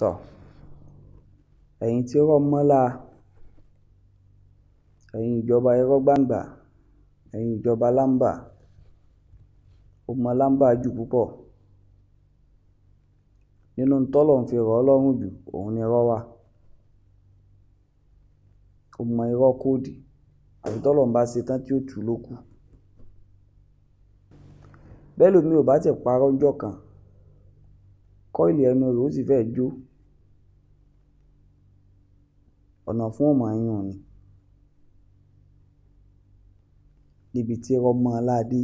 tọ̀ ẹ̀yin tí rọ̀ mọ́lá ẹ̀yin ìjọba irọ́ gbangba ẹ̀yin ìjọba lámbà ó mọ lámbà jù púpọ̀ nínú tọ́lọ̀ ń fi rọ̀ ọlọ́run jù òun ni irọ́ wà ó mọ irọ́ kóòdì àti tọ́lọ̀ ń bá ṣe tán tí ó tù lókù bẹ́ẹ̀ lómi ò bá ti parọ́ ọjọ́ kan kọ́ìlì ẹnu rẹ̀ ó sì fẹ́ jó. ọ̀nà fún ọmọ yún ni níbi tí ọmọ aládé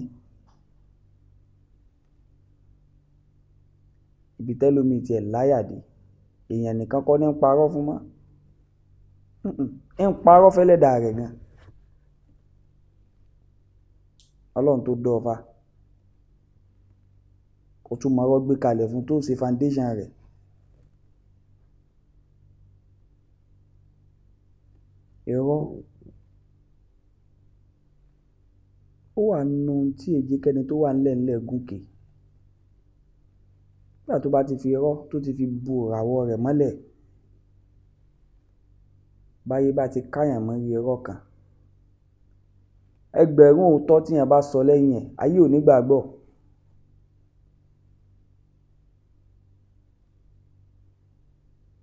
ibi tẹ́lómi tiẹ̀ láyàdé èèyàn nìkan kọ́ ní ń parọ́ fún mọ́ ń parọ́ fẹ́lẹ́dà rẹ̀ gan ọlọ́run tó dọ́ ọ fa kó tún mọ́rọ́ gbé kalẹ̀ fún tó ṣe foundation rẹ̀. ó wà nínú ohun tí èé jẹ́ kẹ́ni tó wà ńlẹ̀ńlẹ̀ gòkè. Nígbà tó bá ti fi irọ́ tó ti fi bu ìràwọ̀ rẹ̀ mọ́lẹ̀, báyé bá ti káyàn mọ́rí irọ́ kan, ẹgbẹ̀rún òótọ́ tí èèyàn bá sọ lẹ́yìn ẹ̀, ayé ò ní gbàgbọ́.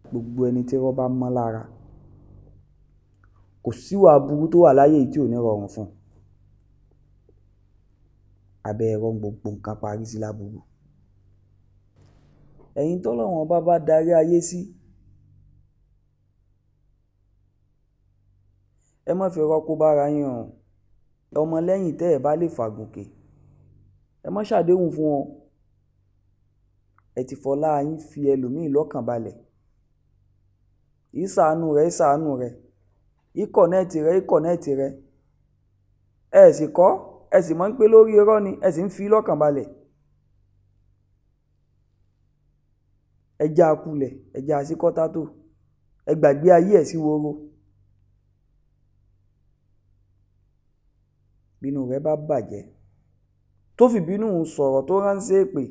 Gbogbo ẹni tí irọ́ bá mọ́ lára, kò síwà burú tó wà láyé yìí tí ò ní rọrùn fún un abẹ́ ẹ̀rọ gbogbo nǹkan parí sí láburú. ẹ̀yin tọ́lọ́run ọba bá darí ayé sí ẹ má fi rọ́kó bára yín o ọmọ lẹ́yìn tẹ́ ẹ̀ bá lè fàgùnkè ẹ má ṣàdéhùn fún wọn ẹ ti fọlá yín fi ẹlòmíì lọ́kàn balẹ̀ ìsàánú rẹ ìsàánú rẹ ìkọ̀nẹ́ẹ̀tì rẹ ìkọ̀nẹ́ẹ̀tì rẹ ẹ sì kọ́ ẹ sì mọ̀ ń pé lórí irọ́ ni ẹ sì ń fi lọ́kàn balẹ̀ ẹja akulẹ̀ ẹja àsíkọ́tátò ẹ gbàgbé ayé ẹ̀ sí woro bínú rẹ bá bàjẹ́ tó fi bínú sọ̀rọ̀ tó ránṣẹ́ pè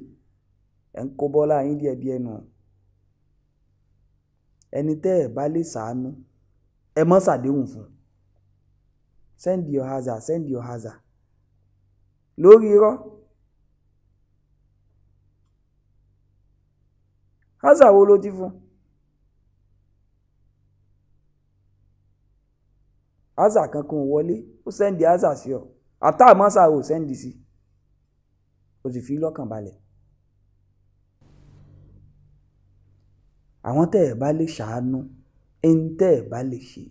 ẹ̀ ń kó bọ́lá yín díẹ̀ bí ẹnu ẹni tẹ́ ẹ̀ bá lè ṣàánú ẹ mọ́ ṣàdéhùn fún send your hazard send your hazard lórí irọ́ ásà wo ló ti fún ásà kankan wọlé ó sẹ́ndì ásà sí ọ àtàmọ́sà ò sẹ́ndì sí o sì fi lọ́kàn balẹ̀ àwọn tẹ́ ẹ̀ bá lè ṣàánú ẹni tẹ́ ẹ̀ bá lè ṣe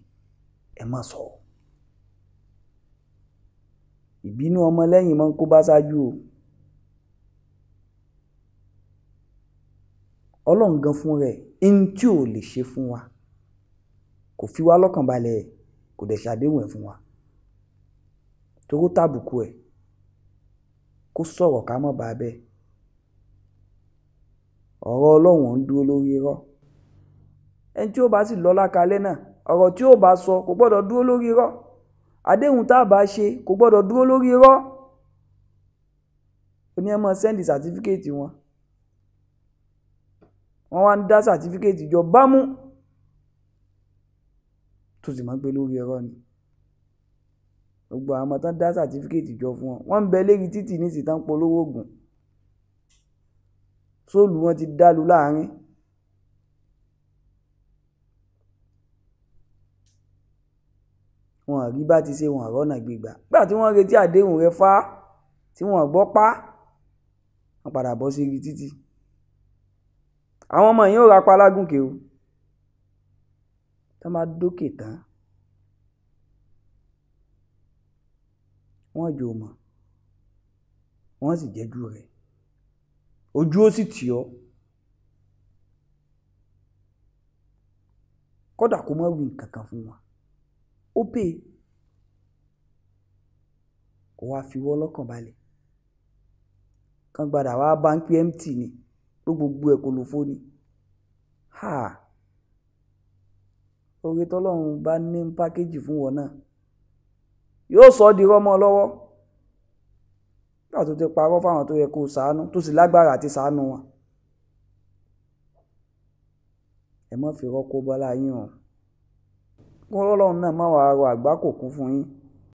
ẹ̀ má sọ̀rọ̀ ìbínú ọmọlẹ́yìn máa ń kó bá ṣáájú o ọlọ́run gan fún rẹ̀ ń tí ò lè ṣe fún wa kò fi wá lọ́kàn balẹ̀ kò dẹ̀ ṣàdéhùn ẹ̀ fún wa toró tàbùkù ẹ̀ kó sọ̀rọ̀ ká mọ̀ bá bẹ́ẹ̀ ọ̀rọ̀ ọlọ́run ń dúró lórí irọ́ ẹni tí ó bá sì lọ́lá kalẹ́ náà ọ̀rọ̀ tí ó bá sọ kò gbọ́dọ̀ dúró lórí irọ́ àdéhùn tá a bá ṣe kò gbọ́dọ̀ dúró lórí irọ́ oní ẹmọ sẹ́ndì sàtífíkèètì wọn wọ́n wá ń dá sàtífíkèètì jọ bámú tó sì máa ń pè lórí irọ́ ni gbogbo àwọn ọmọ tán dá sàtífíkèètì jọ fún wọn wọ́n ń bẹ lérí títì ní ìsìtàn polówó oògùn sóòlù wọn ti dálu láàrin wọn rí bá ti ṣe wọn rọ́nà gbígbà gbà tí wọ́n retí àdéhùn rẹ fá tí wọ́n gbọ́ pa wọ́n padà bọ́ sí ibi títì àwọn ọmọ yìí ò rapa lágùnkè o tá má dókè tán wọ́n jò mọ̀ wọ́n sì jẹ́jú rẹ̀ ojú ó sì tì ọ́ kódà kó má wí nǹkan kan fún wọn ó pè é kó wá fi wọ́ lọ́kàn balẹ̀ kan gbadà wá báńkì empty ni gbogbo ẹ̀ kò lò fó ni ha oore tọ́lọ́run bá ní pákéjì fún wọn náà yóò sọ ọ́ di rọ́mọ́ lọ́wọ́ nígbà tó ti parọ́ fáwọn tó yẹ kó ṣàánú tó sì lágbára àti ṣàánú wọn ẹ má fi rọ́kó bọ́lá yín o kọ́lọ́run náà má wàá rọ àgbákò kún fún yín